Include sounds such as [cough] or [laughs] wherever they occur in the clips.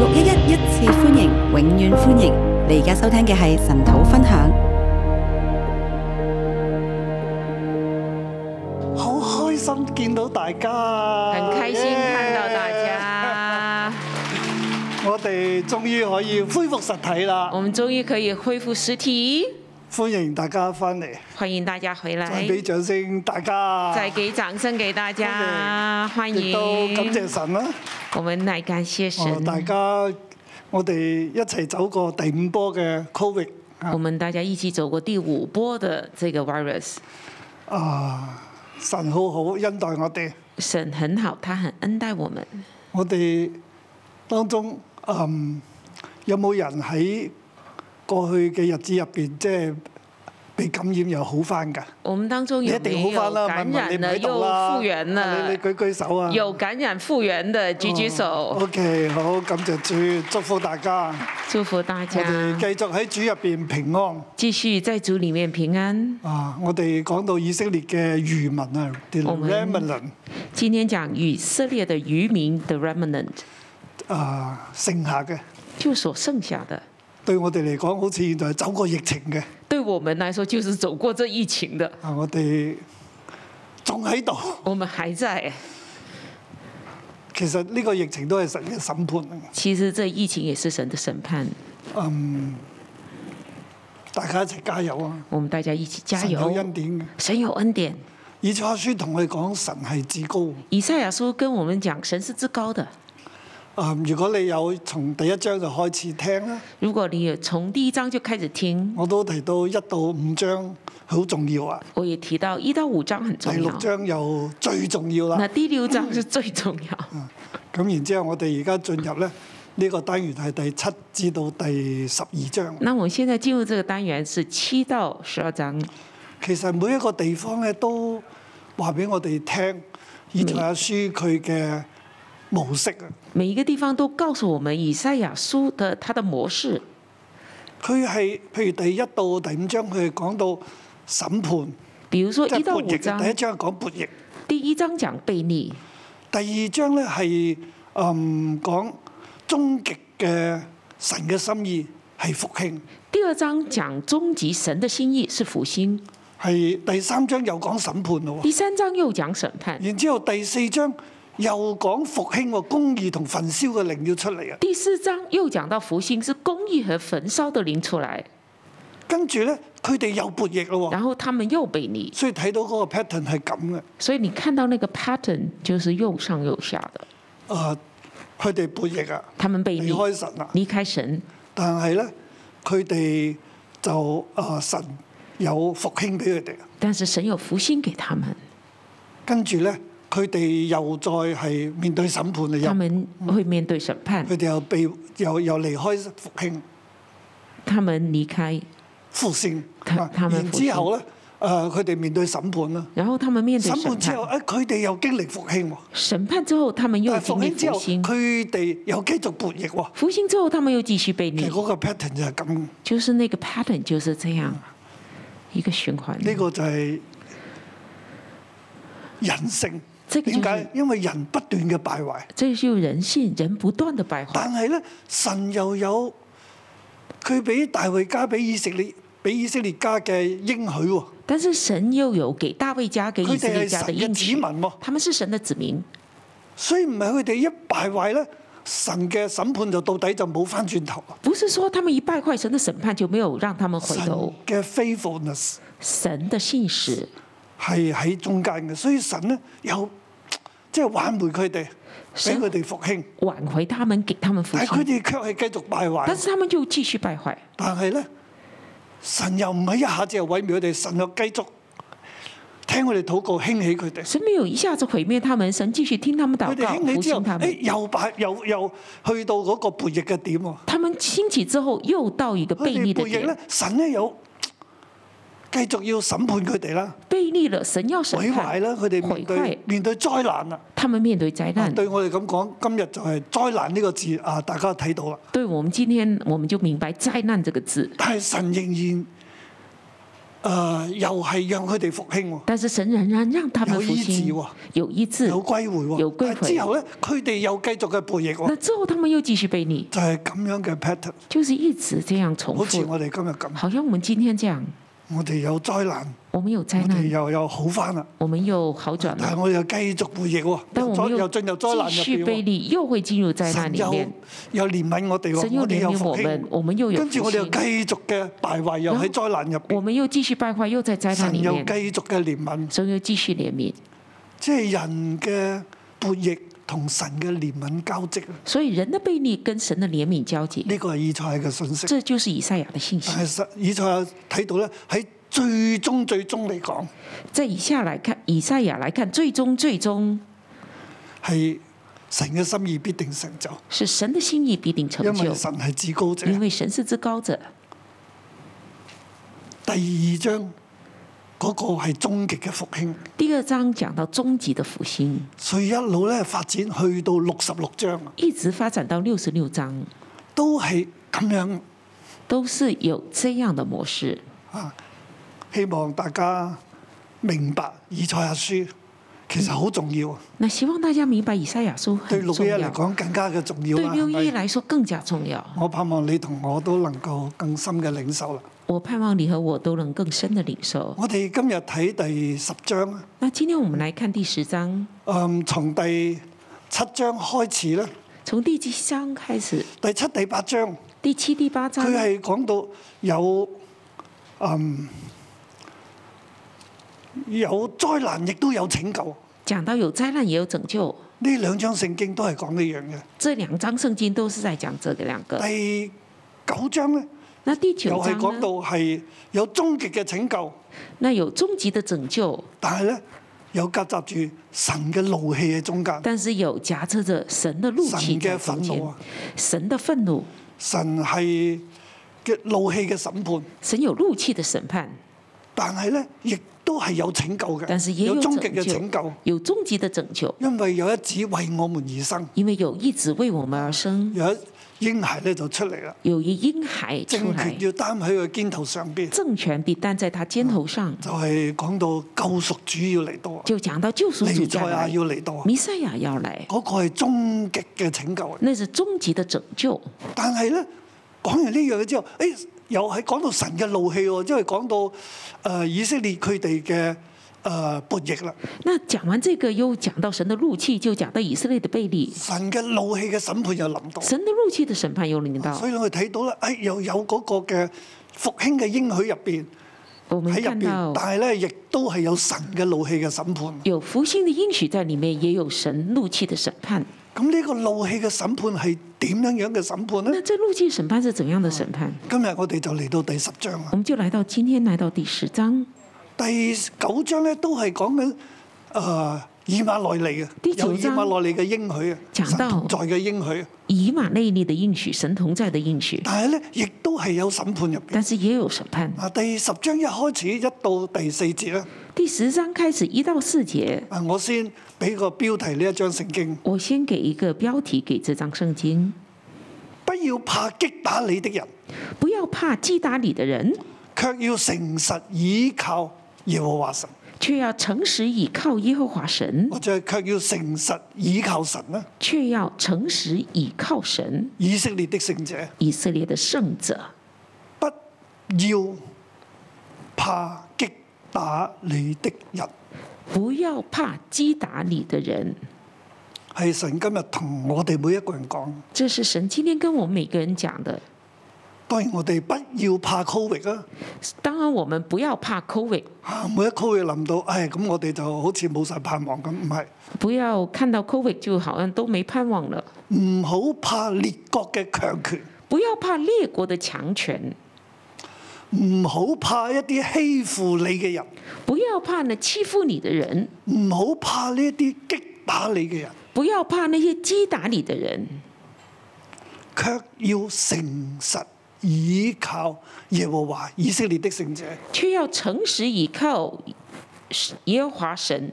六一一一次歡迎，永遠歡迎！你而家收聽嘅係神土分享，好開心見到大家，很開心看到大家。Yeah. [laughs] 我哋終於可以恢復實體啦！我們終於可以恢復實體，歡迎大家翻嚟，歡迎大家回來，再俾掌聲大家，再給掌聲給大家，歡迎，歡迎，亦都感謝神啦。我們來感謝神。大家，我哋一齊走過第五波嘅 Covid。我們大家一起走過第五波的這個 virus。啊，神好好恩待我哋。神很好，他很恩待我們。我哋當中，嗯，有冇人喺過去嘅日子入邊，即係？被感染又好返㗎，我們當中有有一定好返啦！感染問問又復原啦，你你舉舉手啊！有感染復原的舉舉手。哦、OK，好，感謝主，祝福大家，祝福大家，我哋繼續喺主入邊平安，繼續在主裡面平安。啊，我哋講到以色列嘅餘民啊，the remnant。今天講以色列嘅餘民，the remnant。啊，剩下嘅就所剩下的。對我哋嚟講，好似現在係走過疫情嘅。對我們來說，就是走過這疫情的。啊，我哋仲喺度。我們還在。其實呢個疫情都係神的審判。其實這疫情也是神的審判。嗯、um，大家一齊加油啊！我們大家一起加油。神有恩典、啊。神有恩典。以賽亞書同我哋講，神係至高。以賽亞書跟我們講，神是至高的。如果你有從第一章就開始聽咧，如果你有從第一章就開始聽，始聽，我都提到一到五章好重要啊。我也提到一到五章很重要。第六章又最重要啦。嗱，第六章就最重要。咁、嗯、然之後，我哋而家進入咧呢、這個單元係第七至到第十二章。那我現在進入這個單元是七到十二章。其實每一個地方咧，都話俾我哋聽，以前阿書佢嘅。模式啊！每一個地方都告訴我們以賽亞書的它的模式。佢係譬如第一到第五章，佢係講到審判。比如說一到五章，第一章講叛逆，第一章講悖逆，第二章呢係嗯，講終極嘅神嘅心意係復興。第二章講終極神的心意是復興，係第三章又講審判咯。第三章又講審判，然之後第四章。又講復興喎，哦，公義同焚燒嘅靈要出嚟啊！第四章又講到復興是公義和焚燒的靈出來，跟住咧佢哋又叛逆咯喎。然後他們又叛逆。所以睇到嗰個 pattern 係咁嘅。所以你看到那個 pattern 就是又上又下的。啊，佢哋叛逆啊！他們背離離開神啊，離開神。但係咧，佢哋就啊、呃、神有復興俾佢哋。但是神有復興給他們。跟住咧。佢哋又再係面對審判啊！他們會面對審判。嗯、佢哋又被又又離開復興。他們離開。復興、興，然之後咧，誒佢哋面對審判啦。然後，他們面對審判。審判、判之後，誒佢哋又經歷復興喎。審判之後，他們又經歷復興。佢哋又繼續叛逆喎。復興之後，他們又繼續悖逆。嗰個 pattern 就係咁。就是那個 pattern 就是這樣，嗯、一個循環。呢、這個就係人性。這個就是，點解？因為人不斷嘅敗壞，即係要人性，人不斷的敗壞。但係咧，神又有佢俾大衛家俾以色列，俾以色列家嘅應許喎。但是神又有給大衛家給以色列家的應許，他們是神的子民，的子民。所以唔係佢哋一敗壞咧，神嘅審判就到底就冇翻轉頭。不是說他們一敗壞，神的審判就沒有讓他們回頭嘅。神的 faithfulness，神的信實係喺中間嘅，所以神呢。有。即係挽回佢哋，俾佢哋復興。挽回他們，給他們復興。但係佢哋卻係繼續敗壞。但是他們就繼續敗壞。但係咧，神又唔係一下子又毀滅佢哋，神又繼續聽佢哋禱告，興起佢哋。神沒有一下子毀滅他們，神繼續聽他們禱告，興起他們。誒，又敗又又去到嗰個背逆嘅點喎。他們興起之後，又到一個背逆嘅點咧。神咧有。繼續要審判佢哋啦，背逆了神要審判，毀壞啦，佢哋面對面對災難啦，他們面對，面對災難。啊、對我哋咁講，今日就係災難呢個字啊，大家睇到啦。對我們今天，我們就明白災難這個字。但係神仍然，誒、呃，又係讓佢哋復興。但是神仍然讓他們醫治，有醫治，有歸回，啊、有歸回。之後呢，佢哋又繼續嘅背逆。那之後他們又繼續背逆。就係、是、咁樣嘅 pattern，就是一直這樣重複，好似我哋今日咁，好像我們今天這樣。我哋有災難，我哋又有好返啦，我們有好轉但係我哋又繼續悖逆喎，我又,又進入災難入面，又又憐憫我哋喎，面，又憐憫我哋我,我有,我有復興，跟住我哋又繼續嘅敗壞，又喺災難入面。我們又繼續敗壞，又喺災難入面。神又繼續嘅憐憫，仲要繼續憐憫，即係人嘅悖逆。同神嘅憐憫交織，所以人的背逆跟神嘅憐憫交接。呢、這個係以賽亞嘅信息，這就是以賽亞嘅信息。以賽亞睇到咧，喺最終最終嚟講，即以下嚟看以賽亞嚟看，最終最終係神嘅心意必定成就，是神嘅心意必定成就，因為神係至高者，因為神是至高者。第二章。嗰、那個係終極嘅復興。第二章講到終極嘅復興。所以一路咧發展去到六十六章。一直發展到六十六章，都係咁樣，都是有這樣的模式。啊，希望大家明白以賽亞書其實好重要。嗱、嗯，希望大家明白以賽亞書對六一嚟講更加嘅重要。對六一來說更加重要。重要是是我盼望你同我都能夠更深嘅領受啦。我盼望你和我都能更深的領受。我哋今日睇第十章啊。那今天我們來看第十章。嗯，從第七章開始咧。從第七章開始？第七、第八章。第七、第八章。佢係講到有嗯，有災難，亦都有拯救。講到有災難，也有拯救。呢兩章聖經都係講呢樣嘅。這兩章聖經都是在講這個兩個。第九章咧？那第九章咧，係講到係有終極嘅拯救，那有終極嘅拯救，但係咧有夾雜住神嘅怒氣喺中間。但是有夾雜着，着神嘅怒氣。神嘅憤怒，神嘅憤怒。神係嘅怒氣嘅審判。神有怒氣嘅審判，但係咧亦都係有拯救嘅。但是也有終極嘅拯救。有終極嘅拯救。因為有一子為我們而生。因為有一子為我們而生。嬰孩咧就出嚟啦，由於嬰孩政權要擔喺佢肩頭上邊，政權必擔在他肩頭上，就係、是、講到救贖主要嚟多，就講到救贖主要來，彌賽亞要嚟多，彌賽亞要嚟，嗰個係終極嘅拯救，那是終極嘅拯救。但係咧，講完呢樣嘢之後，誒、哎、又係講到神嘅怒氣喎、哦，因為講到誒、呃、以色列佢哋嘅。誒、呃，叛逆啦！那講完這個，又講到神的怒氣，就講到以色列的背離。神嘅怒氣嘅審判又臨到。神的怒氣嘅審判又臨到，所以我哋睇到啦，誒、哎，又有有嗰個嘅復興嘅應許入邊喺入邊，但係咧，亦都係有神嘅怒氣嘅審判。有復興嘅應許在裏面，也有神怒氣嘅審判。咁呢個怒氣嘅審判係點樣樣嘅審判呢？即這怒氣審判是怎樣嘅審判，判，判？啊、今日我哋就嚟到，到，到第十章。我們就嚟到今天，嚟到第十章。第九章咧，都係講緊啊、呃、以馬內利嘅，由以馬內利嘅應許啊，神同在嘅應許。以馬內利的應許，神同在的應許。但係咧，亦都係有審判入邊。但是也有審判。啊，第十章一開始一到第四節咧。第十章開始一到四節。啊，我先俾個標題呢一張聖經。我先給一個標題給這張聖經。不要怕擊打你的人，不要怕擊打你的人，卻要誠實依靠耶和華神，卻要誠實倚靠耶和華神。我就係卻要誠實倚靠神啊！卻要誠實倚靠神。以色列的聖者，以色列的聖者，不要怕擊打你的人，不要怕擊打你的人。係神今日同我哋每一個人講。這是神今天跟我每個人講的。當然我哋不要怕 covid 啊！當然我們不要怕 covid。啊，每一 covid 臨到，唉、哎，咁我哋就好似冇晒盼望咁，唔係。不要看到 covid 就好像都沒盼望了。唔好怕列國嘅強權。不要怕列國嘅強權。唔好怕一啲欺負你嘅人。不要怕那欺負你嘅人。唔好怕呢一啲擊打你嘅人。不要怕那些擊打你嘅人。卻要誠實，依靠耶和華以色列的聖者，卻要誠實倚靠耶和華神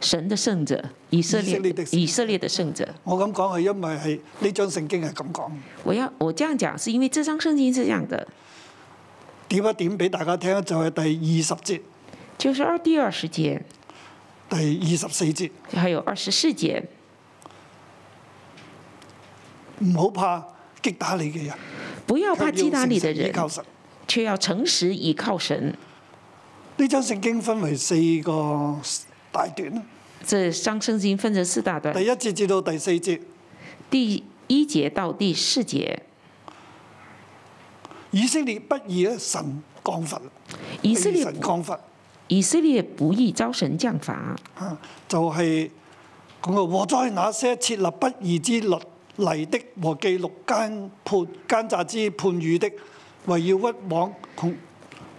神的聖者以色，以色列的以色列的聖者。我咁講係因為係呢張聖經係咁講。我要我這樣講是因為這張聖經是這樣的。點一點俾大家聽，就係、是、第二十節。就是二第二十節。第二十四節。就還有二十四節。唔好怕擊打你嘅人。不要怕欺打你的人，卻要,要誠實倚靠神。呢章聖經分為四個大段啦。這章聖經分成四大段。第一節至到第四節。第一節到第四節。以色列不義啊，神降罰。以色列降罰。以色列不義，招神降罰、啊，就係咁啊！禍哉那些設立不義之律。嚟的和記錄姦叛姦詐之判語的，為要屈枉、呃、窮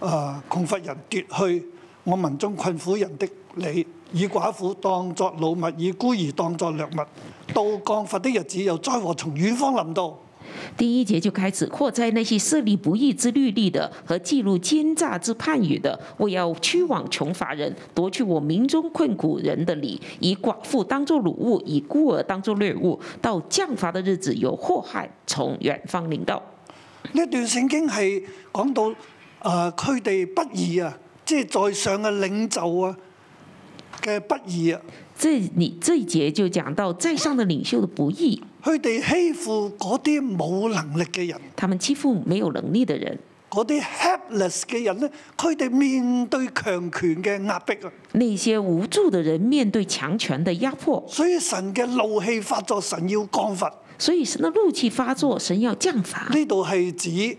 啊窮乏人奪去我民中困苦人的理，以寡婦當作擄物，以孤兒當作掠物。到降罰的日子，有災禍從遠方臨到。第一節就開始，禍哉那些設立不義之律例的和記錄奸詐之判語的，我要屈枉窮乏人，奪去我民中困苦人的理，以寡婦當作擄物，以孤兒當作掠物。到降罰的日子，有禍害從遠方臨到。呢一段聖經係講到啊，佢、呃、哋不義啊，即係在上嘅領袖啊嘅不義。這裡這一節就講到在上嘅領袖嘅不義。佢哋欺負嗰啲冇能力嘅人，他們欺負沒有能力嘅人。嗰啲 helpless 嘅人呢，佢哋面對強權嘅壓迫啊。那些無助嘅人面對強權嘅壓，壓迫。所以神嘅怒，怒氣發作，神要降罰。所以神嘅怒氣發作，神要降罰。呢度係指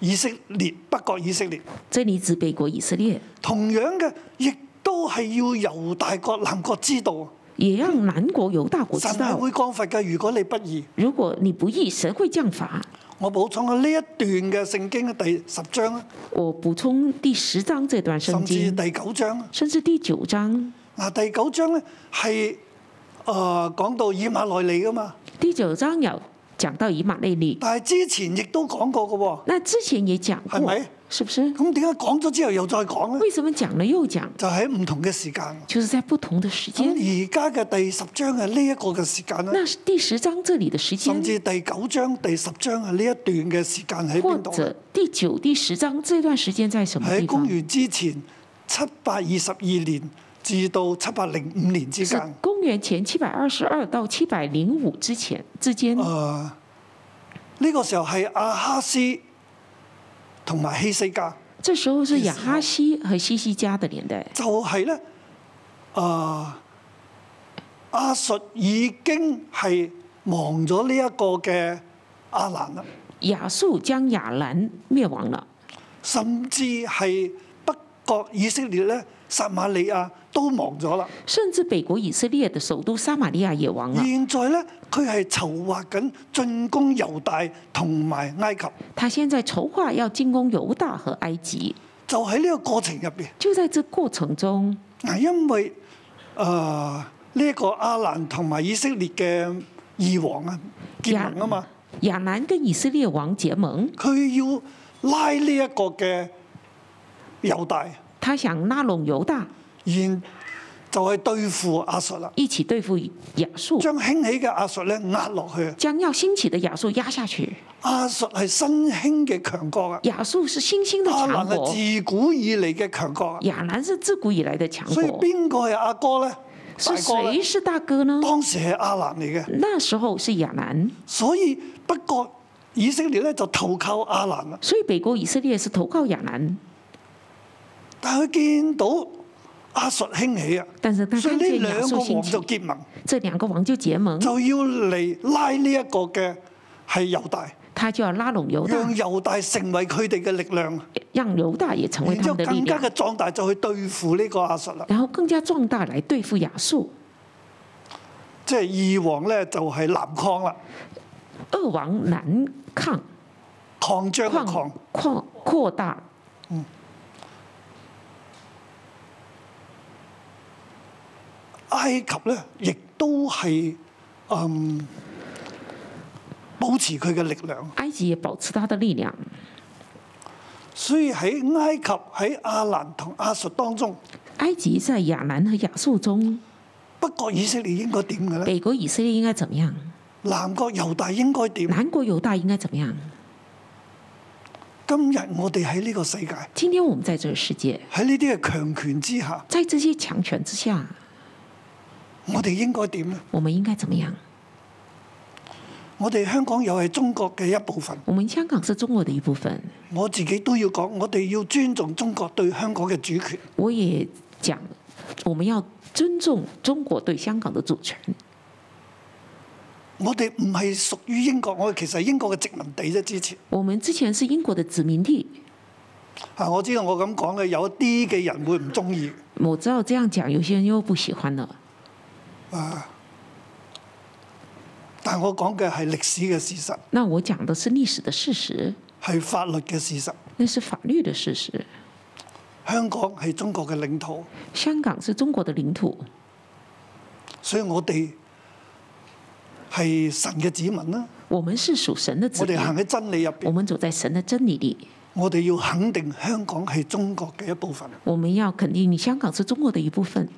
以色列北國以色列，即係你自北國以色列。同樣嘅，亦都係要猶大國南國知道。也讓南國猶大國知道。神係會降罰嘅，如果你不義。如果你不義，神會降罰。我補充下呢一段嘅聖經第十章啦。我補充第十章這段聖經。甚至第九章。甚至第九章。嗱，第九章咧係誒講到以馬內利啊嘛。第九章有講到以馬內利。但係之前亦都講過嘅喎。那之前也講過，係咪？是不是？咁點解講咗之後又再講咧？為什麼講了又講？就喺唔同嘅時間。就是在不同的時間。而家嘅第十章係呢一個嘅時間呢？那第十章這裡的時間，甚至第九章、第十章係呢一段嘅時間喺邊度？或者第九、第十章這段時間在什麼地方？喺公元之前七百二十二年至到七百零五年之間。就是、公元前七百二十二到七百零五之前之間呢。呢、呃這個時候係阿哈斯。同埋希西家，這時候是亞哈斯和希西家的年代。就係、是、咧，啊、呃，亞述已經係亡咗呢一個嘅亞蘭啦。亞述將亞蘭滅亡啦，甚至係北國以色列咧，撒瑪利亞。都亡咗啦，甚至北國以色列嘅首都撒瑪利亞也亡啦。現在呢，佢係籌劃緊進攻猶大同埋埃及。他現在籌劃要進攻猶大和埃及。就喺呢個過程入邊，就喺這過程中。嗱，因為誒呢一個亞蘭同埋以色列嘅二王啊結盟啊嘛亞，亞蘭跟以色列王結盟，佢要拉呢一個嘅猶大。他想拉攏猶大。然就係對付亞述啦，一起對付亞述，將興起嘅亞述咧壓落去，將要興起的亞述壓下去。亞述係新興嘅強國啊！亞述是新興嘅亞蘭係自古以嚟嘅強國。亞蘭是,是自古以來嘅強國,國。所以邊個係阿哥咧？是誰是大哥呢？當時係亞蘭嚟嘅。那時候是亞蘭。所以不過以色列咧就投靠亞蘭啦。所以北國以色列是投靠亞蘭。但佢見到。阿術興起啊，但係他以呢兩個王就結盟，這兩個王就結盟，就要嚟拉呢一個嘅係猶大，他就要拉攏猶大，讓猶大成為佢哋嘅力量，讓猶大也成為佢哋嘅力量，然後更加嘅壯大就去對付呢個阿術啦，然後更加壯大嚟對付亞述，即係二王呢就是，就係南擴啦，二王南擴，擴張擴擴擴大，嗯。埃及咧，亦都係嗯，保持佢嘅力量。埃及也保持他的力量。所以喺埃及喺亞蘭同亞述當中，埃及在亞蘭和亞述中。北國以色列應該點嘅咧？北國以色列應該怎樣？南國猶大應該點？南國猶大應該怎樣？今日我哋喺呢個世界，今天我們在這個世界喺呢啲嘅強權之下，在這些強權之下。我哋應該點？我們應該怎麼樣？我哋香港又係中國嘅一部分。我們香港是中國嘅一部分。我自己都要講，我哋要尊重中國對香港嘅主權。我也講，我們要尊重中國對香港嘅主權。我哋唔係屬於英國，我哋其實係英國嘅殖民地啫，之前。我們之前是英國嘅殖民地。啊，我知道我咁講咧，有一啲嘅人會唔中意。我知道這樣講，有些人又不喜歡啦。但我講嘅係歷史嘅事實。那我講嘅是歷史的事實。係法律嘅事實。那是法律的事實。香港係中國嘅領土。香港是中國的領土。所以我哋係神嘅子民啦。我們是屬神的子民。我哋行喺真理入邊。我們走在神的真理裏。我哋要肯定香港係中國嘅一部分。我們要肯定香港是中國的一部分。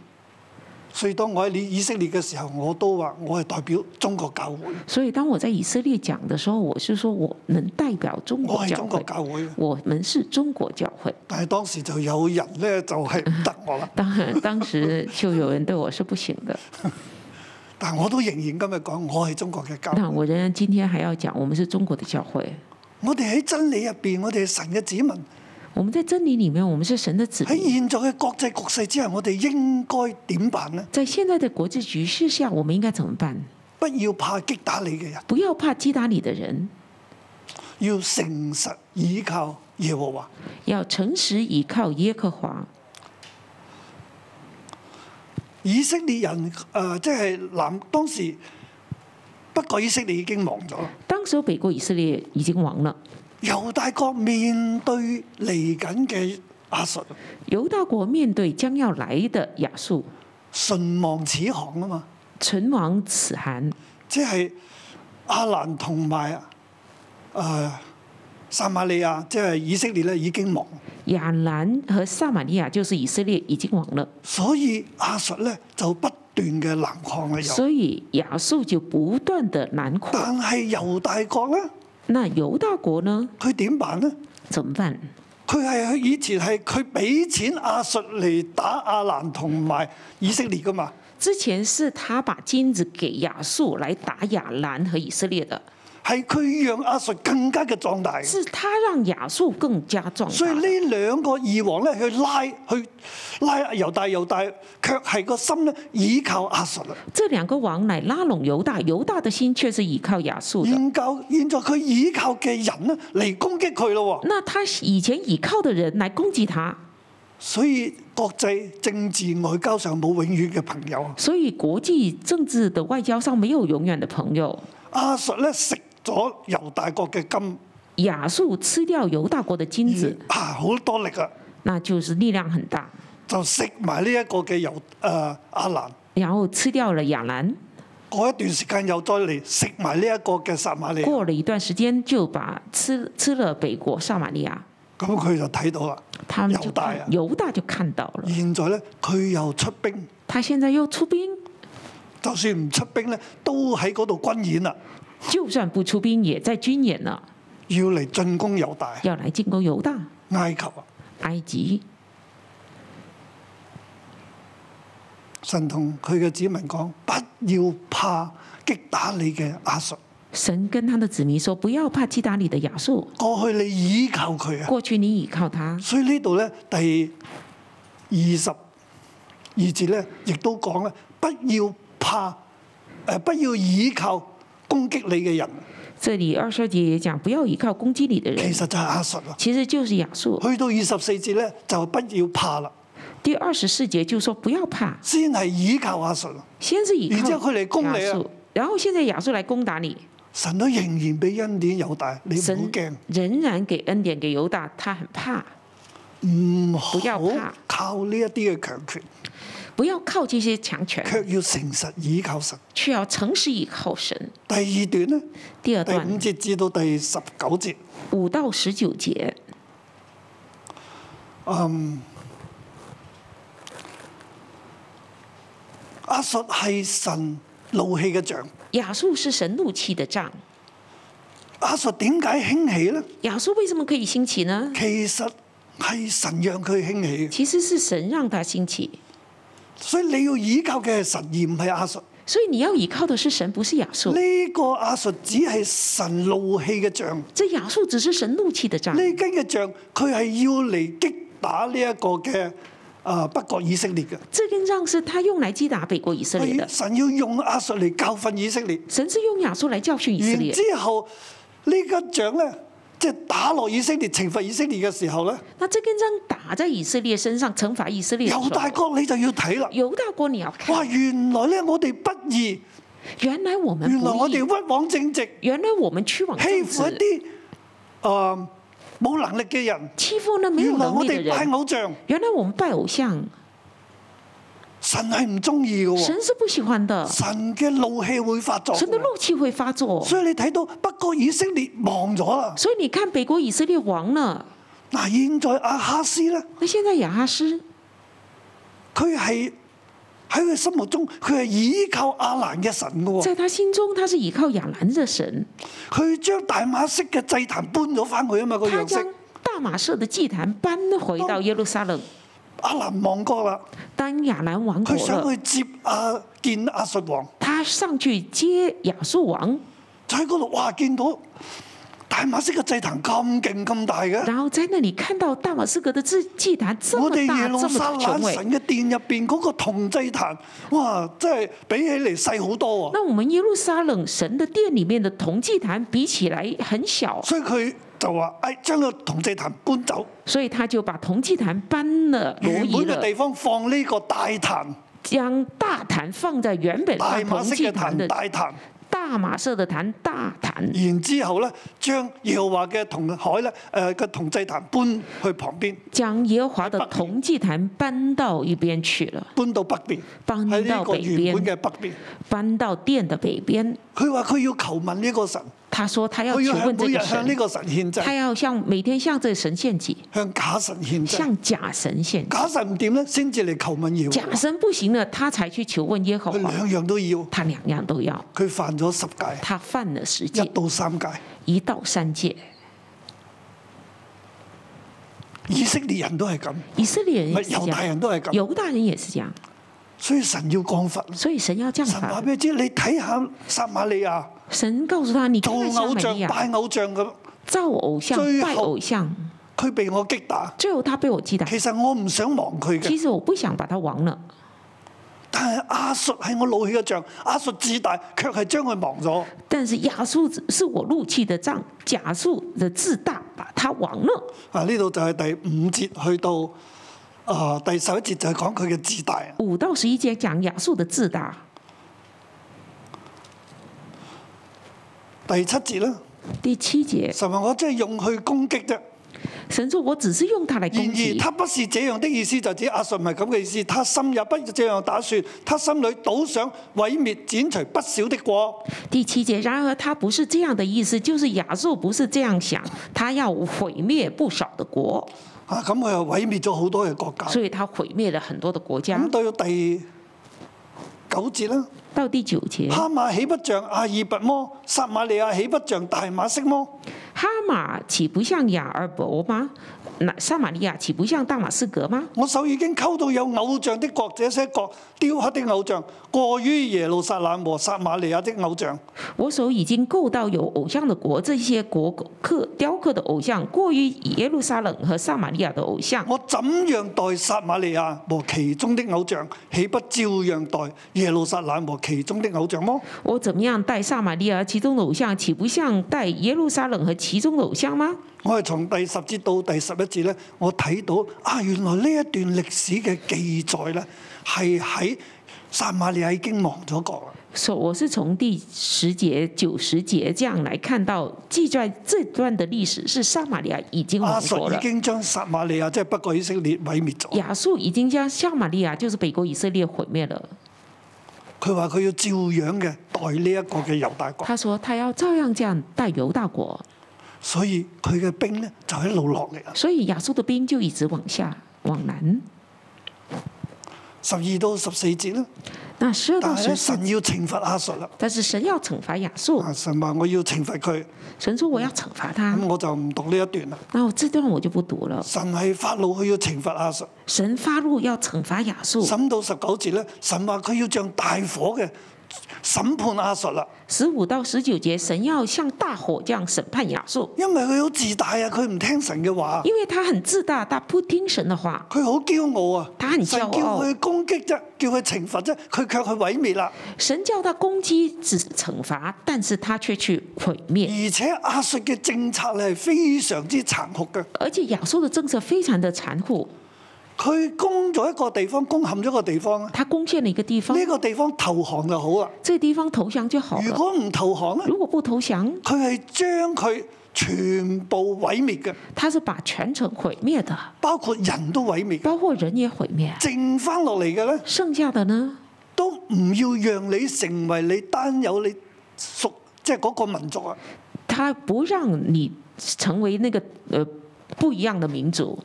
所以當我喺以色列嘅時候，我都話我係代表中國教會。所以當我在以色列講嘅時候，我是說我能代表中國教會。我係中國教會，我們是中國教會。但係當時就有人咧，就係唔得我啦。當 [laughs] 當時就有人對我是不行的， [laughs] 但我都仍然今日講我係中國嘅教會。但我仍然今天還要講，我們是中國的教會。我哋喺真理入邊，我哋神嘅子民。我們在真理裏面，我們是神的子民。喺現在嘅國際局勢之下，我哋應該點辦呢？在現在嘅國際局勢下，我們應該怎麼辦？不要怕擊打你嘅人。不要怕擊打你的人，要誠實依靠耶和華。要誠實依靠耶和華。以色列人誒，即、呃、係、就是、南當時，北國以色列已經亡咗。當時北國以色列已經亡啦。猶大國面對嚟緊嘅亞述，猶大國面對將要來的亞述，唇亡齒寒啊嘛！唇亡齒寒，即係亞蘭同埋啊，呃、撒瑪利亞，即係以色列咧，已經亡。亞蘭和撒瑪利亞就是以色列已經亡了，所以亞述咧就不斷嘅南擴啦。所以亞述就不斷嘅南擴，但係猶大國咧？那猶大國呢？佢點辦呢？怎麼辦？佢係佢以前係佢俾錢亞述嚟打亞蘭同埋以色列㗎嘛？之前是他把金子給亞述來打亞蘭和以色列的。係佢讓亞述更加嘅壯大。是他讓亞述更加壯大。所以呢兩個異王咧去拉去拉猶大猶大，卻係個心咧倚靠亞述啦。這兩個王嚟拉攏猶大，猶大的心卻是倚靠亞述。唔夠，現在佢依靠嘅人咧嚟攻擊佢咯。那他以前依靠的人來攻擊他。所以國際政治外交上冇永遠嘅朋友。所以國際政治的外交上沒有永遠的朋友。亞述呢。咗猶大國嘅金亞述吃掉猶大國嘅金子，啊好多力啊，那就是力量很大，就食埋呢一個嘅猶誒亞蘭，然後吃掉了亞蘭，過一段時間又再嚟食埋呢一個嘅撒瑪利亞，過了一段時間就把吃吃了北國撒瑪利亞，咁佢就睇到啦，猶大啊，猶大就看到了，現在咧佢又出兵，他現在又出兵，就算唔出兵咧，都喺嗰度軍演啦。就算不出兵，也在軍演啦。要嚟進攻猶大。要嚟進攻猶大。埃及啊。埃及。神同佢嘅子民講：，不要怕擊打你嘅亞述。神跟他的子民說：，不要怕擊打你的亞述。過去你倚靠佢啊。過去你倚靠他。所以呢度呢，第二十二節呢，亦都講啦：，不要怕，誒、呃，不要倚靠。攻擊你嘅人，這裏二十四節也講不要依靠攻擊你嘅人。其實就係亞述咯，其實就是亞述。去到二十四節咧就不要怕啦。第二十四節就說不要怕，先係依靠亞述，先係依靠亞述。然後現在亞述嚟攻打你，神都仍然俾恩典猶大，你唔好驚，仍然給恩典給猶大，他很怕，唔、嗯、好要怕。靠呢一啲嘅強權。不要靠這些強權，却要誠實倚靠神。却要誠實倚靠神。第二段呢？第二段第五節至到第十九節，五到十九節。嗯，亞述係神怒氣嘅杖。亞述是神怒氣的杖。亞述點解興起呢？亞述為什麼可以興起呢？其實係神讓佢興起，其實是神讓他興起。所以你要依靠嘅係神而唔係亞述。所以你要依靠嘅是神，不是亞述。呢、這個亞述只係神怒氣嘅杖。這亞述只是神怒氣嘅杖。呢根嘅杖佢係要嚟擊打呢一個嘅啊北國以色列嘅。呢根杖，是他用嚟擊打北國以色列嘅。神要用亞述嚟教訓以色列，神是用亞述嚟教訓以色列。之、這、後、個、呢根杖咧。即、就、係、是、打落以色列、懲罰以色列嘅時候咧，那支箭打在以色列身上，懲罰以色列。猶大國，你就要睇啦。猶大國，你要看。哇！原來咧，我哋不義。原來我們。原來我哋屈枉正直。原來我們屈枉正直。欺負一啲，誒、呃，冇能力嘅人。欺負那沒有能力嘅人。原來我哋拜偶像。原來我們拜偶像。.神係唔中意嘅。神是不喜歡的。神嘅怒氣會發作。神的怒氣會發作。所以你睇到北國以色列亡咗啦。所以你看北國以色列亡啦。嗱，現在亞哈斯咧？佢係喺佢心目中，佢係倚靠亞蘭嘅神嘅喎。在他心中，他是倚靠亞蘭嘅神。佢將大馬色嘅祭壇搬咗翻去啊嘛，佢將大馬色的祭壇搬回到耶路撒冷。阿南亡國啦，但亞蘭亡國，佢上去接阿、啊、見亞述王，他上去接亞述王，在嗰度哇見到大馬色嘅祭壇咁勁咁大嘅，然後喺那裡看到大馬士革的祭祭壇這麼大，我哋耶路撒冷神嘅殿入邊嗰個銅祭壇，哇，真係比起嚟細好多啊！那我們耶路撒冷神嘅殿裏面嘅銅祭壇比起嚟很小，所以佢。就話誒、哎、將個銅祭壇搬走，所以他就把銅祭壇搬了，原本嘅地方放呢個大壇，將大壇放在原本大馬色嘅壇，大壇，大馬色嘅壇，大壇。然之後咧，將耶和華嘅銅海咧，誒嘅銅祭壇搬去旁邊，將耶和華的銅祭壇搬到一邊去了，搬到北邊，喺呢個原本嘅北邊，搬到殿嘅北邊。佢話佢要求問呢個神。他說他要求問這個神，他要向每，向要向每天向這神獻祭，向假神獻祭，向假神獻祭，假神點咧？先至嚟求問耶。假神不行了，他才去求問耶和華。佢兩樣都要，他兩樣都要。佢犯咗十戒，他犯了十戒，一到三戒，一到三戒。以色列人都係咁，以色列人、猶太人都係咁，猶大人也是這樣。所以神要降罰，所以神要降罰。神話畀你知？你睇下撒瑪利亞。神告訴他：你的是做偶像，拜偶像咁，造偶像、拜偶像。佢被我擊打。最後，他被我擊打。其實我唔想亡佢嘅。其實我不想把他亡了。但係亞述係我怒氣嘅仗，亞述自大，卻係將佢亡咗。但是亞述是是我怒氣的仗，亞述的自大把他亡了。啊，呢度就係第五節去到啊、呃，第十一節就係講佢嘅自大。五到十一節講亞述的自大。第七節啦，第七節。神話我真係用去攻擊啫，神說我只是用他嚟攻擊。然而他不是這樣的意思，就指亞述唔係咁嘅意思。他心也不這樣打算，他心裏倒想毀滅剪除不少的國。第七節，然而他不是這樣的意思，就是亞述不是這樣想，他要毀滅不少的國。啊，咁佢又毀滅咗好多嘅國家。所以，他毀滅了很多的國家。咁到第九節啦。哈馬豈不像阿爾伯麼？撒瑪利亞豈不像大馬色麼？哈馬豈不像雅爾伯，伯嗎？那撒瑪利亞，豈不像大馬士革嗎？我手已經夠到有偶像的國，這些國雕刻的偶像，過於耶路撒冷和撒瑪利亞的偶像。我手已經夠到有偶像的國，這些國刻雕刻的偶像，過於耶路撒冷和撒瑪利亞的偶像。我怎樣待撒瑪利亞和其中的偶像，豈不照樣待耶路撒冷和其中的偶像麼？我怎樣待撒瑪利亞其中偶像，豈不像待耶路撒冷和其中偶像嗎？我係從第十節到第十一節咧，我睇到啊，原來歷呢一段歷史嘅記載咧，係喺撒瑪利亞已經亡咗國了。所，我是從第十節、九十節這樣來看到，記載這段嘅歷史是撒瑪利亞已經亡咗，亞述已經將撒瑪利亞即係北國以色列毀滅咗。亞述已經將撒瑪利亞，就是北國以色列毀滅了。佢話佢要照樣嘅代呢一個嘅猶大國。他說他要照樣咁待猶大國。所以佢嘅兵咧就一路落嚟啊！所以亞述嘅兵就一直往下往南，十二到十四節啦。但係神要懲罰亞述啦。但是神要懲罰亞述。神話我要懲罰佢。神說我要懲罰他。咁、嗯、我就唔讀呢一段啦。我、哦、這段我就不讀了。神係發怒，佢要懲罰亞述。神發怒要懲罰亞述。十五到十九節咧，神話佢要將大火嘅。審判亞述啦！十五到十九節，神要像大火將審判亞述。因為佢好自大啊，佢唔聽神嘅話。因為他很自大，他不聽神嘅話。佢好驕傲啊！他很驕傲，叫佢攻擊啫，叫佢懲罰啫，佢卻去毀滅啦。神叫他攻擊、懲懲罰，但是他卻去毀滅。而且亞述嘅政策咧係非常之殘酷嘅。而且亞述嘅政策非常的殘酷。佢攻咗一個地方，攻陷咗一個地方。他攻陷了一個地方。呢個地方投降就好啦。這地方投降就好了。如果唔投降呢？如果不投降？佢係將佢全部毀滅嘅。他是把全城毀滅的。包括人都毀滅。包括人也毀滅。剩翻落嚟嘅呢，剩下的呢？都唔要讓你成為你單有你屬即係嗰個民族啊。他不讓你成為那個呃不一樣嘅民族。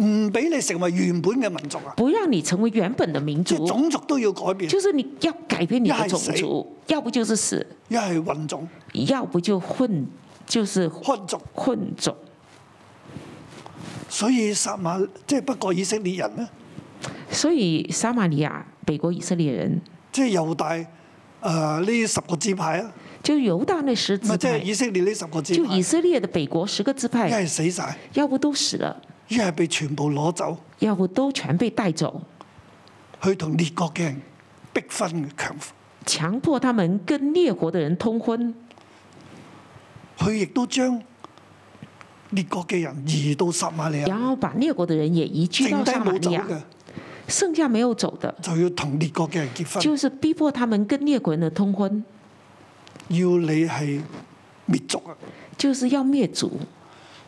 唔俾你成為原本嘅民族啊！不讓你成為原本嘅民族。即、就是、種族都要改變。就是你要改變你的種族，要，要不就是死。要係混種，要不就混，就是混種混種。所以撒瑪即北國以色列人咧。所以撒瑪利亞北國以色列人，即、就、猶、是、大誒呢、呃、十個支派啊？就猶大呢十支派。咪即以色列呢十個支派？就以色列嘅北國十個支派，一係死晒。要不都死了。一係被全部攞走，要不都全被帶走，去同列國嘅人逼婚，強強迫他們跟列國嘅人通婚，佢亦都將列國嘅人移到十萬里，然後把列國嘅人，人也移居到撒瑪利亞，剩下沒有走的就要同列國嘅人結婚，就是逼迫他們跟列國人的通婚，要你係滅族啊，就是要滅族。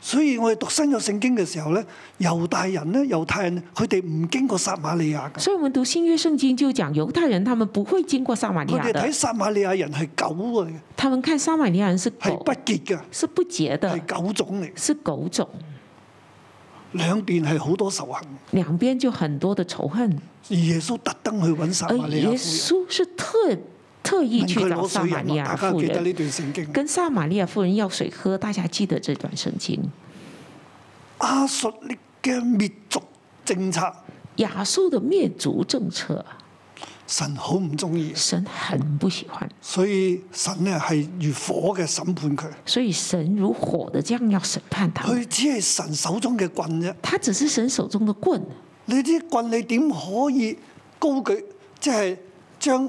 所以我哋讀新約聖經嘅時候咧，猶大人咧、猶太人佢哋唔經過撒瑪利亞嘅。所以我們讀新約聖經就講猶太人，他們不會經過撒瑪利亞。我哋睇撒瑪利亞人係狗嚟嘅。他們看撒瑪利亞人是係不潔嘅，是不潔的，係狗種嚟，是狗種。兩邊係好多仇恨，兩邊就很多嘅仇恨。而耶穌特登去揾撒瑪利亞。而耶穌是特。特意去找撒瑪利亞婦人，跟撒瑪利亞婦人要水喝。大家記得這段聖經。亞述呢嘅滅族政策，亞述的滅族政策，神好唔中意，神很不喜歡，所以神咧係如火嘅審判佢，所以神如火的將要審判他。佢只係神手中嘅棍啫，他只是神手中嘅棍，棍。你啲棍你點可以高舉，即係將？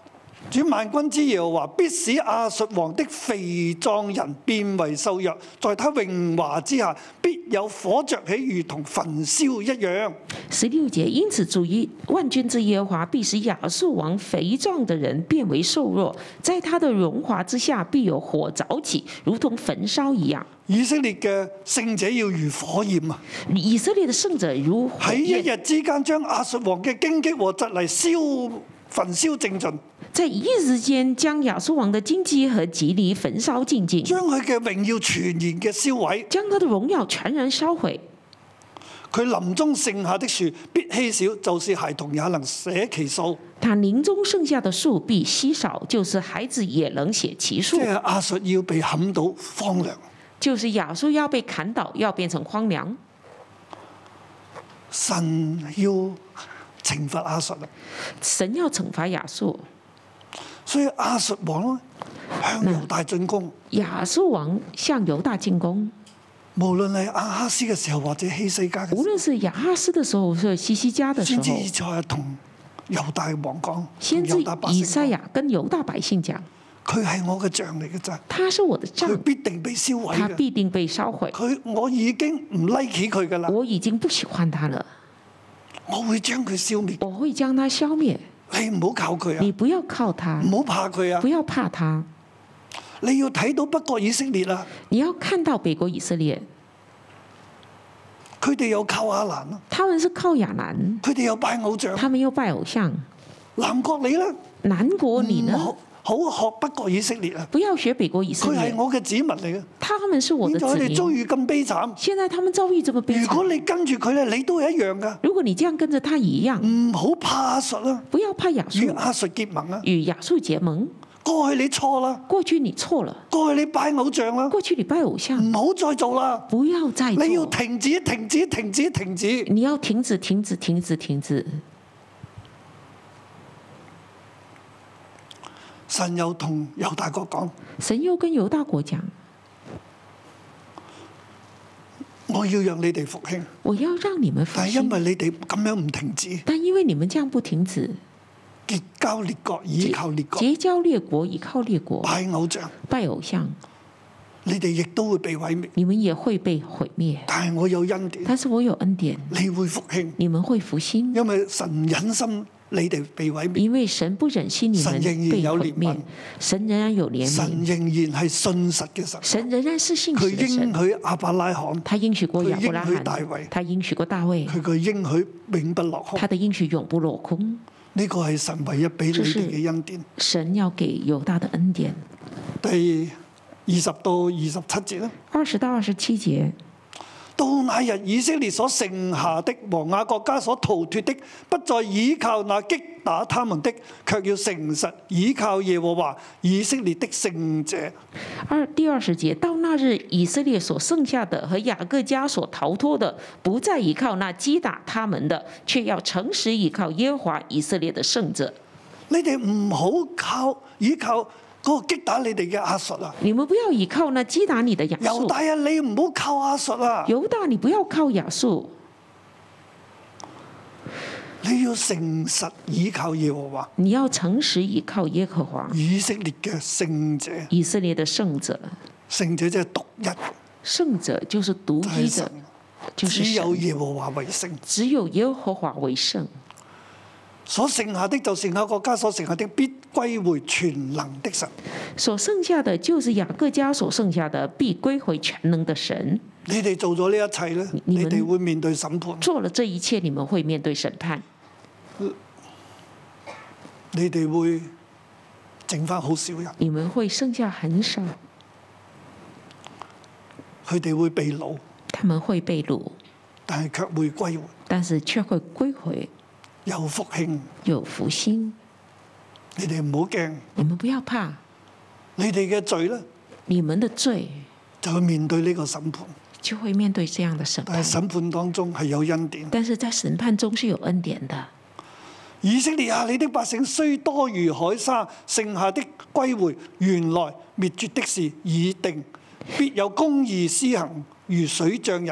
主萬軍之耶和華必使亞述王的肥壯人變為瘦弱，在他榮華之下必有火着起，如同焚燒一樣。十六節，因此注意，萬軍之耶和華必使亞述王肥壯的人變為瘦弱，在他的榮華之下必有火着起，如同焚燒一樣。以色列嘅聖者要如火焰啊！以色列嘅聖者如火焰。喺一日之間將亞述王嘅荊棘和蒺藜燒。焚燒淨盡，在一日之間將亞述王嘅荊棘和蒺藜焚燒盡盡，將佢嘅榮耀全然嘅燒毀，將他嘅榮耀全然燒毀。佢林中剩下的樹必稀少，就是孩童也能寫其數。但林中剩下的樹必稀少，就是孩子也能寫其數。即係亞述要被砍倒荒涼，就是亞述要被砍倒，要變成荒涼。神要，懲罰亞述啊！神要懲罰亞述，所以亞述王向猶大進攻。亞述王向猶大進攻，無論係阿哈斯嘅時候或者希西家，無論是亞哈斯嘅時候，或者希西家嘅時候，先至再同猶大王講，先至以賽亞跟猶大百姓講，佢係我嘅將嚟嘅咋？「他是我的將，佢必定被燒毀，佢必定被燒毀。佢我已經唔 like 佢噶啦，我已經不喜歡他了。我會將佢消滅，我會將他消滅。你唔好靠佢啊！你不要靠他，唔好怕佢啊！不要怕他。你要睇到北國以色列啦，你要看到北國以色列。佢哋又靠亞蘭啊！他們是靠亞蘭。佢哋又拜偶像，他們又拜偶像。南國你呢？南國你呢？好學不過以色列啊！不要學北國以色列，佢係我嘅子民嚟嘅。他們是我的子民。現在我哋遭遇咁悲慘。現在他們遭遇咁悲慘。如果你跟住佢咧，你都係一樣噶。如果你這樣跟住他一樣。唔好怕阿術啦、啊。不要怕亞述、啊。與阿術結盟啊！與亞述結盟、啊。過去你錯啦。過去你錯了。過去你拜偶像啦、啊。過去你拜偶像、啊。唔好再做啦。不要再做。你要停止，停止，停止，停止。你要停止，停止，停止，停止。神又同猶大國講，神又跟猶大國講，我要讓你哋復興，我要讓你們復興，但因為你哋咁樣唔停止，但因為你們這樣不停止，結交列國，倚靠列國，結交列國，倚靠列國，拜偶像，拜偶像，你哋亦都會被毀滅，你們也會被毀滅，但係我有恩典，但是我有恩典，你會復興，你們會復興，因為神忍心你哋被毀滅，因為神不忍心你們被毀滅，神仍然有憐憫，神仍然係信實嘅神，神仍然是信實嘅神。佢應許亞伯拉罕，他應許過亞伯拉罕，佢應許過大衛，佢嘅應許永不落空，他的應許永不落空。呢個係神唯一俾你哋嘅恩典。就是、神要給猶大的恩典，第二十到二十七節啦。二十到二十七節。到那日，以色列所剩下的和雅各家所逃脫的，不再倚靠那擊打他們的，卻要誠實倚靠耶和華以色列的聖者。而第二十節，到那日，以色列所剩下的和雅各家所逃脫的，不再倚靠那擊打他們的，卻要誠實倚靠耶和華以色列的聖者。你哋唔好靠依靠。嗰、那個擊打你哋嘅亞述啊！你們不要倚靠那擊打你的亞述。猶大啊，你唔好靠亞述啊！猶大，你不要靠亞述。你要誠實倚靠耶和華。你要誠實倚靠耶和華。以色列嘅聖者。以色列嘅聖者。聖者就係獨一。聖者就是獨一的就的、是就是，只有耶和華為聖。只有耶和華為聖。所剩下的就剩下各家所剩下的必歸回全能的神。所剩下的就是雅各家所剩下的必歸回全能的神。你哋做咗呢一切呢？你哋會面對審判。做了這一切，你們會面對審判。你哋會剩翻好少人？你們會剩下很少。佢哋會被擄。他們會被擄，但係卻會歸回。但是卻會歸回。有福慶，有福星，你哋唔好驚。你們不要怕，你哋嘅罪呢？你們的罪就會面對呢個審判，就會面對這樣的審判。審判當中係有恩典，但是在審判中是有恩典的。典的以色列啊，你的百姓雖多如海沙，剩下的歸回，原來滅絕的事已定，必有公義施行，如水漲溢。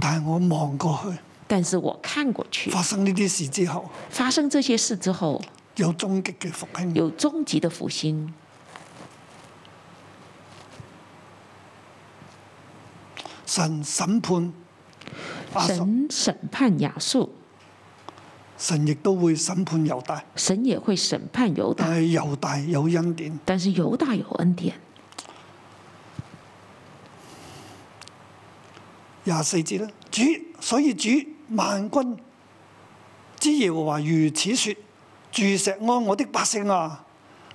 但係我望過去，但是我看過去，發生呢啲事之後，發生這些事之後，有終極嘅復興，有終極嘅復興。神審判，神審判亞述，神亦都會審判猶大，神也會審判猶大，但係猶大有恩典，但是猶大有恩典。廿四節啦，主，所以主萬軍「之耶和華如此説：住石安我的百姓啊，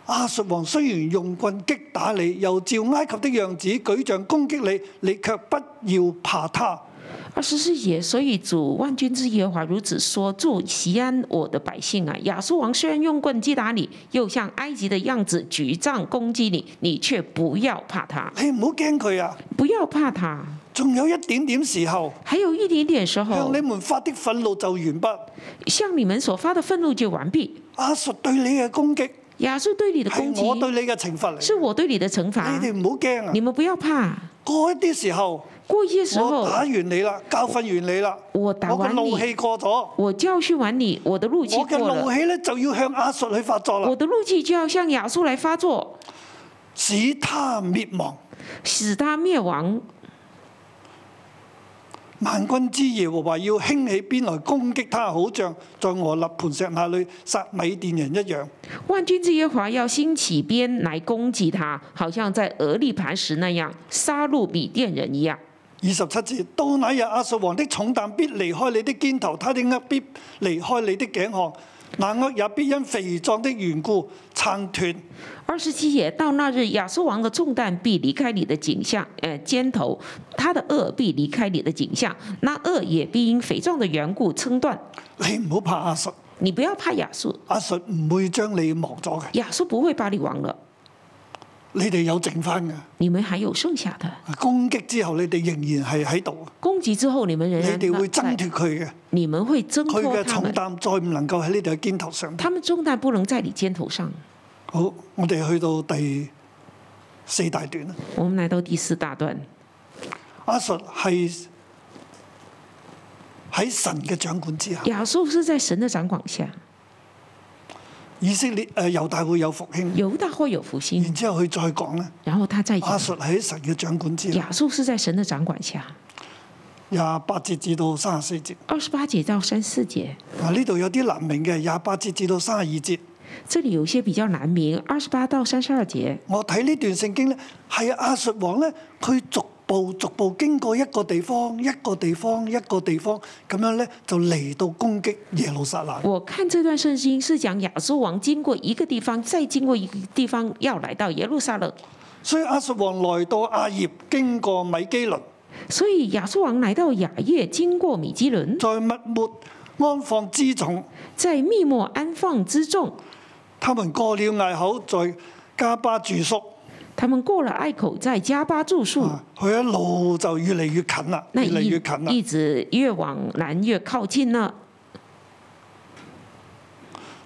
亞述王雖然用棍擊打你，又照埃及的樣子舉杖攻擊你，你卻不要怕他。十四耶，所以主萬軍之耶和華如此説：住石安我的百姓啊，亞述王雖然用棍擊打你，又像埃及的樣子舉杖攻擊你，你卻不要怕他。嘿，唔好驚佢啊！不要怕他。仲有一點點時候，還有一點點時候，向你們發的憤怒就完畢。向你們所發的憤怒就完畢。阿叔對你嘅攻擊，阿叔對你的攻擊，係我對你嘅懲罰嚟，是我對你的懲罰。你哋唔好驚啊！你們不要怕。過一啲時候，過一些時候，打完你啦，教訓完你啦，我打完你，怒氣過咗，我教訓完你，我的怒氣我嘅怒氣咧就要向阿叔去發作啦，我的怒氣就要向阿叔嚟發作，使他滅亡，使他滅亡。萬軍之耶和華要興起鞭來攻擊他，好像在俄立磐石那裏殺米甸人一樣。萬軍之耶和華要興起鞭來攻擊他，好像在俄立磐石那樣殺戮米甸人一樣。二十七節，到那日，亞述王的重擔必離開你的肩頭，他的壓必離開你的頸項，項。那軛也必因肥壯的緣故撐斷。二十七也到那日，亞述王的重擔必離開你的頸項，誒、呃、肩頭，他的軛必離開你的頸項，那軛也必因肥壯的緣故撐斷。你唔好怕亞述，你不要怕亞述，亞述唔會將你忘咗嘅。亞述不會把你忘了。你哋有剩翻嘅，你們還有剩下的。攻擊之後，你哋仍然係喺度。攻擊之後，你們仍然。你哋會掙脫佢嘅。你們會掙脫佢。佢嘅重擔再唔能夠喺你哋嘅肩頭上。他們重擔不能在你肩頭上。好，我哋去到第四大段啦。我們來到第四大段。亞述係喺神嘅掌管之下。亞述是在神嘅掌管下。以色列誒猶大會有復興，猶大會有復興。然之後佢再講咧，然後他再亞述喺神嘅掌管之下，亞述是在神嘅掌管下。廿八節至到三十四節，二十八節到三十四節。啊，呢度有啲難明嘅，廿八節至到三十二節。這裡有些比較難明，二十八到三十二節。我睇呢段聖經咧，係亞述王咧去逐。步逐步經過一個地方一個地方一個地方咁樣咧，就嚟到攻擊耶路撒冷。我看這段信息，是講亞述王經過一個地方，再經過一個地方，要來到耶路撒冷。所以亞述王來到亞葉，經過米基倫。所以亞述王來到亞葉，經過米基倫。在密末安放之眾，在密末安放之眾，他們過了隘口，在加巴住宿。他們過了隘口，在加巴住宿。佢、啊、一路就越嚟越近啦，越嚟越近啦，一直越往南越靠近啦。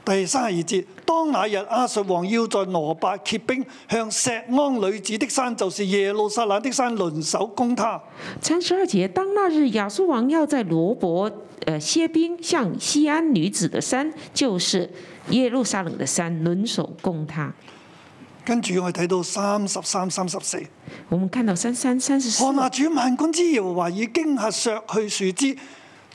第三十二節，當那日亞述王要在羅伯揭兵，向錫安女子的山，就是耶路撒冷的山，輪手攻他。三十二節，當那日亞述王要在羅伯，呃，歇兵，向錫安女子的山，就是耶路撒冷的山，輪手攻他。跟住我哋睇到三十三、三十四。我們看到三三三十四。看哪，主萬軍之耶和華以驚嚇削去樹枝，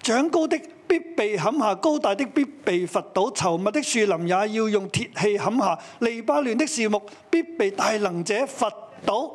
長高的必，必被砍下，高大的必被伐倒，稠密的樹林也要用鐵器砍下，利巴嫩的樹木必被大能者伐倒。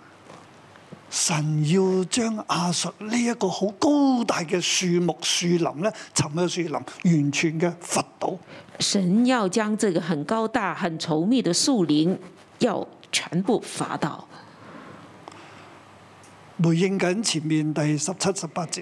神要將亞述呢一個好高大嘅樹木樹林呢，沉喺樹林完全嘅伐倒。神要將這個很高大、很稠密嘅樹林，要全部伐倒。回應緊前面第十七、十八節。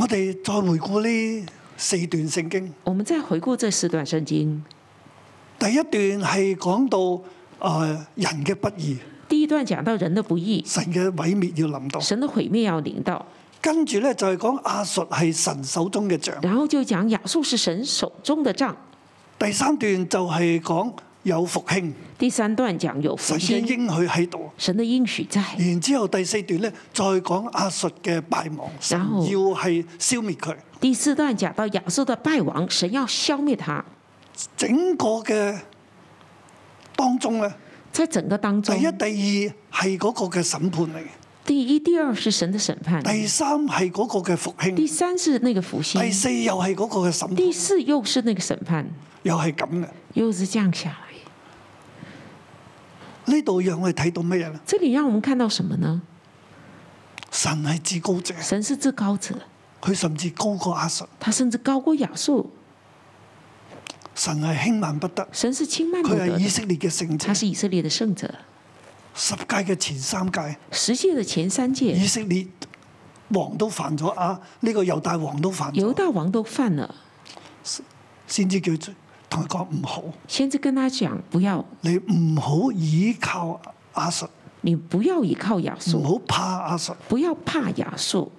我哋再回顧呢四段聖經。我們再回顧這四段聖經。第一段係講到誒人嘅不義，第一段講到人的不義，神嘅毀滅要臨到。神的毀滅要臨到。跟住咧就係講亞述係神手中嘅杖。然後就講亞述是神手中的杖。第三段就係講。有復興。第三段講有復興。神的應許喺度。神的應許在。然之後第四段咧，再講亞述嘅敗亡，要係消滅佢。第四段講到亞述嘅敗亡，神要消滅他。整個嘅當中咧，即係整個當中，第一、第二係嗰個嘅審判嚟嘅。第一、第二是神嘅審判。第三係嗰個嘅復興。第三是那個復興。第四又係嗰個嘅審判。第四又是那個審判。又係咁嘅。又是降下。呢度讓我睇到咩啦？這裏讓我們看到什麼呢？神係至高者，神是至高者，佢甚至高過亞述，他甚至高過亞述。神係輕慢不得，神是輕慢不得。佢係以色列嘅聖者，他是以色列的聖者。十屆嘅前三屆，十屆嘅前三屆，以色列王都犯咗啊！呢個猶大王都犯咗。猶大王都犯了，先至叫他罪。同佢講唔好，先至跟他講不要。你唔好依靠亞述，你不要依靠亞述。唔好怕亞述，不要怕亞述。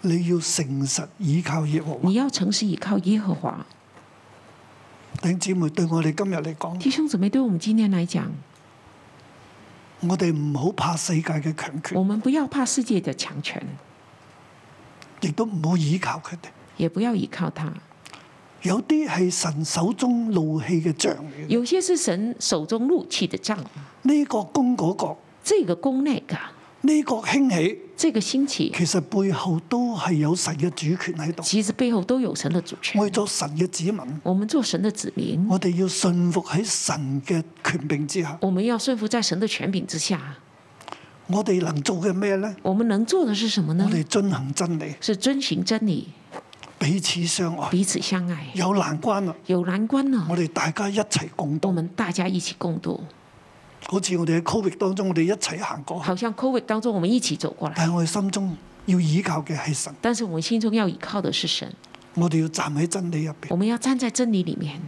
你要誠實依靠耶和華，你要誠實依靠耶和華。弟兄姊妹，對我哋今日嚟講，弟兄姊妹，對我們今天嚟講，我哋唔好怕世界嘅強權。我們不要怕世界嘅強權，亦都唔好依靠佢哋，也不要依靠他。有啲係神手中怒氣嘅杖，有些是神手中怒氣的杖。呢個功嗰個，這個攻那個。呢、這個興起、那個，這個興起，其實背後都係有神嘅主權喺度。其實背後都有神嘅主權。我做神嘅子民，我哋做神嘅子民，我哋要順服喺神嘅權柄之下。我哋要順服喺神嘅權柄之下。我哋能做嘅咩咧？我哋能做嘅是什麼呢？我哋遵行真理，是遵行真理。彼此相愛，彼此相愛。有難關啊，有難關啊。我哋大家一齊共度，我們大家一起共度。好似我哋喺 COVID 當中，我哋一齊行過。好像 COVID 當中，我們一起走過來。但係我哋心中要依靠嘅係神。但是我們心中要依靠的是神。我哋要站喺真理入面，我們要站在真理裏面。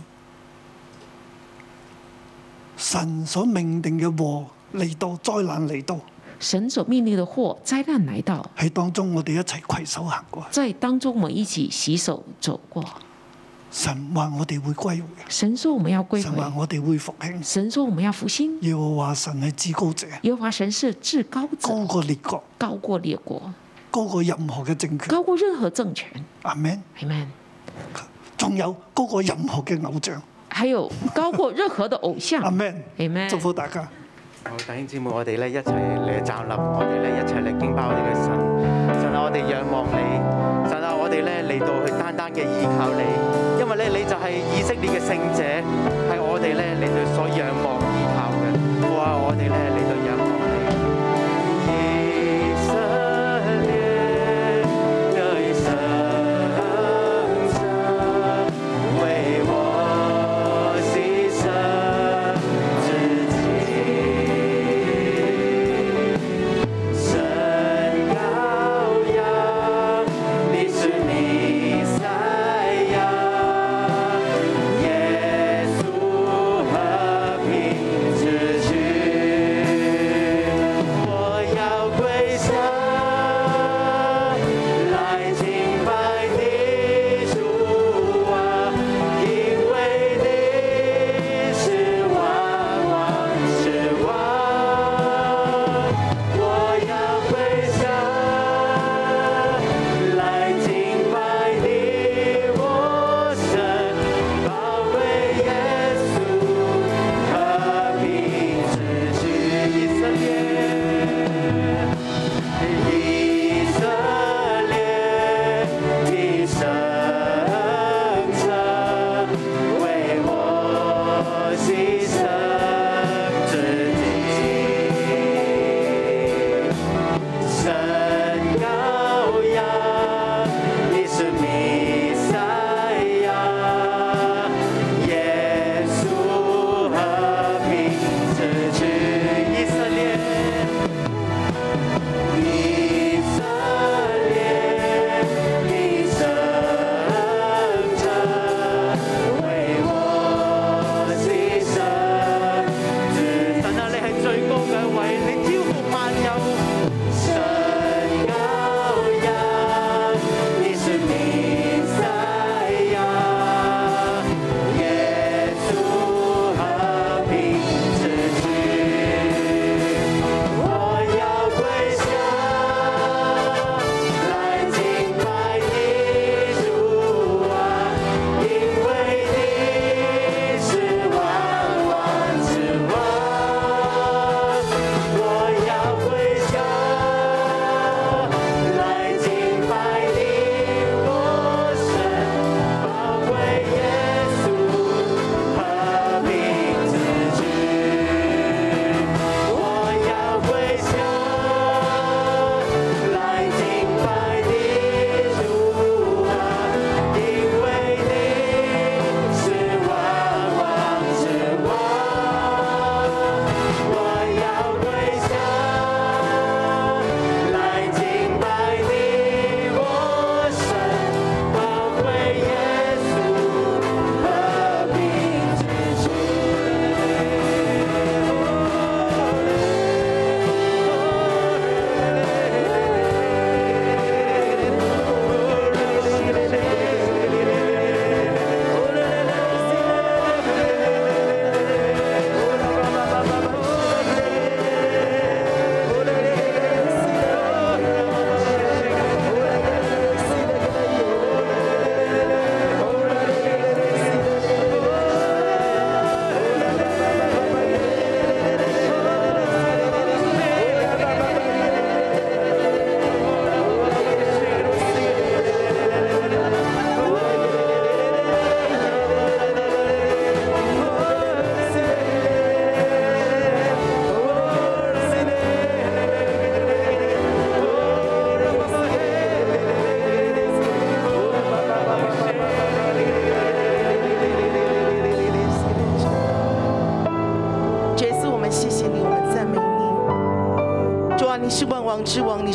神所命定嘅禍嚟到，災難嚟到。神所命令的禍災難來到，喺當中我哋一齊攜手行過；在當中我們一起洗手走過。神話我哋會歸回。神說我們要歸回。神話我哋會復興。神說我們要復興。耶和華神係至高者。耶和華神是至高者，高過列國，高過列國，高過任何嘅政權，高過任何政權。阿門，阿門。仲有高過任何嘅偶像。還有高過任何嘅偶像。阿門，阿門。祝福大家。弟兄姊妹，我哋咧一齊嚟站立，我哋咧一齊嚟敬拜我哋嘅神。神啊，我哋仰望你，神啊，我哋咧嚟到去單單嘅依靠你，因為咧你就係以色列嘅聖者，係我哋咧嚟到所仰望依靠嘅。我話我哋咧。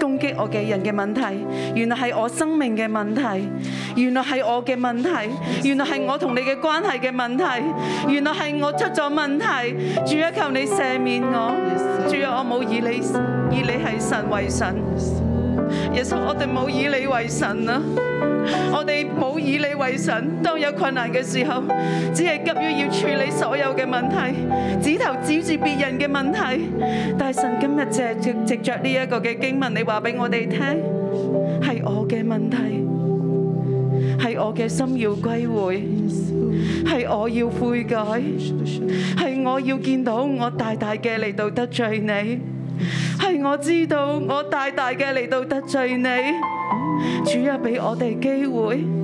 攻擊我嘅人嘅問題，原來係我生命嘅問題，原來係我嘅問題，原來係我同你嘅關係嘅問題，原來係我出咗問題。主啊，求你赦免我。主啊，我冇以你以你係神為神。耶穌，我哋冇以你為神啊。以你為神，當有困難嘅時候，只係急於要處理所有嘅問題，指頭指住別人嘅問題。大神今日藉藉藉著呢一個嘅經文，你話俾我哋聽，係我嘅問題，係我嘅心要歸回，係我要悔改，係我要見到我大大嘅嚟到得罪你，係我知道我大大嘅嚟到得罪你。主啊，俾我哋機會。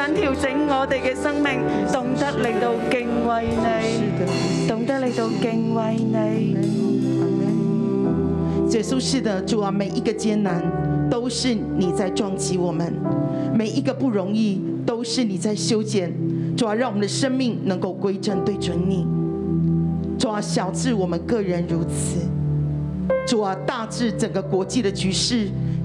想調整我哋嘅生命，懂得嚟到敬畏你，懂得嚟到敬畏你。主啊，是的，主啊，每一個艱難都是你在撞擊我們，每一個不容易都是你在修剪。主啊，讓我們的生命能夠歸正對準你。主啊，小至我們個人如此，主啊，大至整個國際的局勢。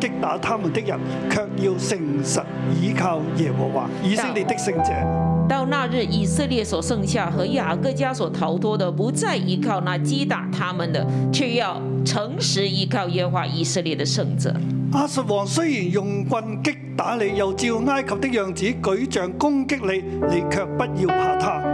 擊打他們的人，却要誠實依靠耶和華以色列的聖者。到那日，以色列所剩下和雅各家所逃脱的，不再依靠那擊打他們的，却要誠實依靠耶和華以色列的聖者。亞述王雖然用棍擊打你，又照埃及的樣子舉杖攻擊你，你卻不要怕他。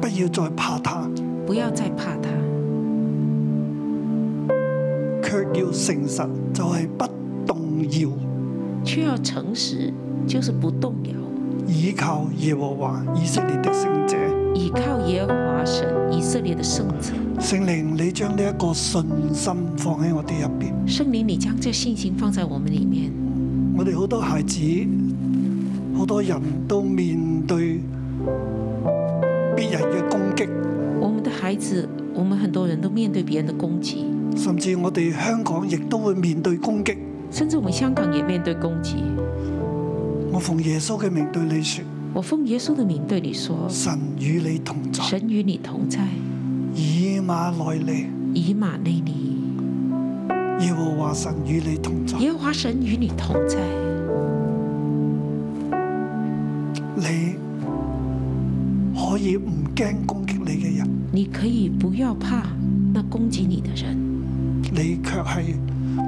不要再怕他，不要再怕他，卻要誠實，就係不動搖；卻要誠實，就是不動搖、就是。依靠耶和華以色列的聖者，依靠耶和華神以色列的聖者。聖靈，你將呢一個信心放喺我哋入邊。聖靈，你將這個信心放喺我們裏面。我哋好多孩子，好多、嗯、好多人都面對。別人嘅攻擊，我們的孩子，我們很多人都面對別人的攻擊，甚至我哋香港亦都會面對攻擊，甚至我們香港也面對攻擊。我奉耶穌嘅名對你說，我奉耶穌嘅名對你說，神與你同在，神與你同在，以馬內利，以馬內利，耶和華神與你同在，耶和華神與你同在。你唔驚攻擊你嘅人，你可以不要怕那攻擊你的人，你却係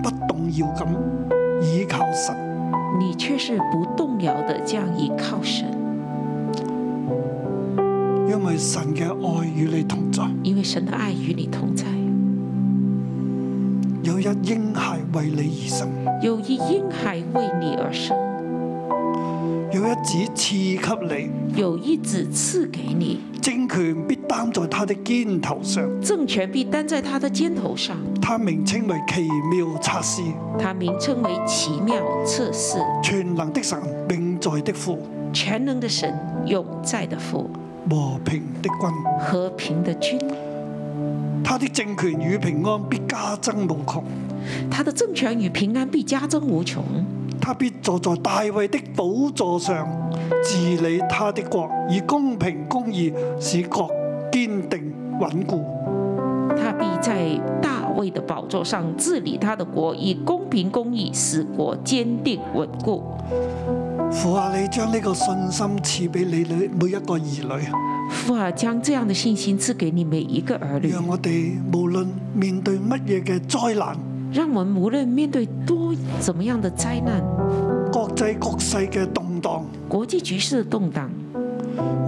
不動搖咁倚靠神。你却是不動搖的這樣倚靠神，因為神嘅愛與你同在。因為神的愛與你同在，有一嬰孩為你而生。有一嬰孩為你而生。有一子賜給你，有一子賜給你，政權必擔在他的肩頭上，政權必擔在他的肩頭上，他名稱為奇妙策士，他名稱為奇妙策士，全能的神，永在的父，全能的神，永在的父，和平的君，和平的君，他的政權與平安必加增無窮，他的政權與平安必加增無窮。他必坐在大衛的，的，的寶座上治理他的國，以公平公義使國堅定穩固。他必在大衛的寶座上治理他的國，以公平公義使國堅定穩固。父啊，你將呢個信心賜俾你每每一個兒女。父啊，將這樣的信心賜給你每一個兒女。讓我哋無論面對乜嘢嘅災難。讓我們無論面對多怎麼樣的災難，國際局勢嘅動盪，國際局勢的動盪，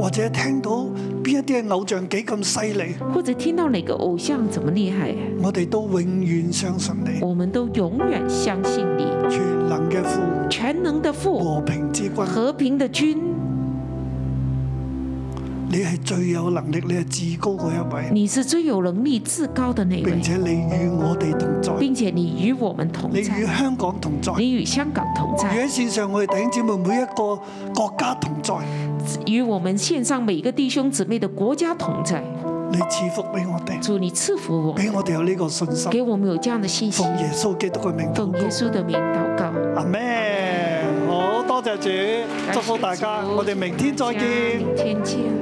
或者聽到邊一啲偶像幾咁犀利，或者聽到哪個偶像怎麼厲害，我哋都永遠相信你。我們都永遠相信你。全能嘅父，全能的父，和平之君，和平的君。你係最有能力，你係至高嗰一位。你是最有能力、至高嘅那位。並且你與我哋同在。並且你與我們同在。你與香港同在。你與香港同在。喺線上我哋弟兄姊妹每一個國家同在。與我們線上每個弟兄姊妹嘅國家同在。你賜福俾我哋。主，你賜福我。俾我哋有呢個信心。給我哋有這樣嘅信心。奉耶穌基督嘅名，奉耶穌嘅名，阿咩？好多謝，謝，謝主，祝福大家，我哋明天再見。明天見。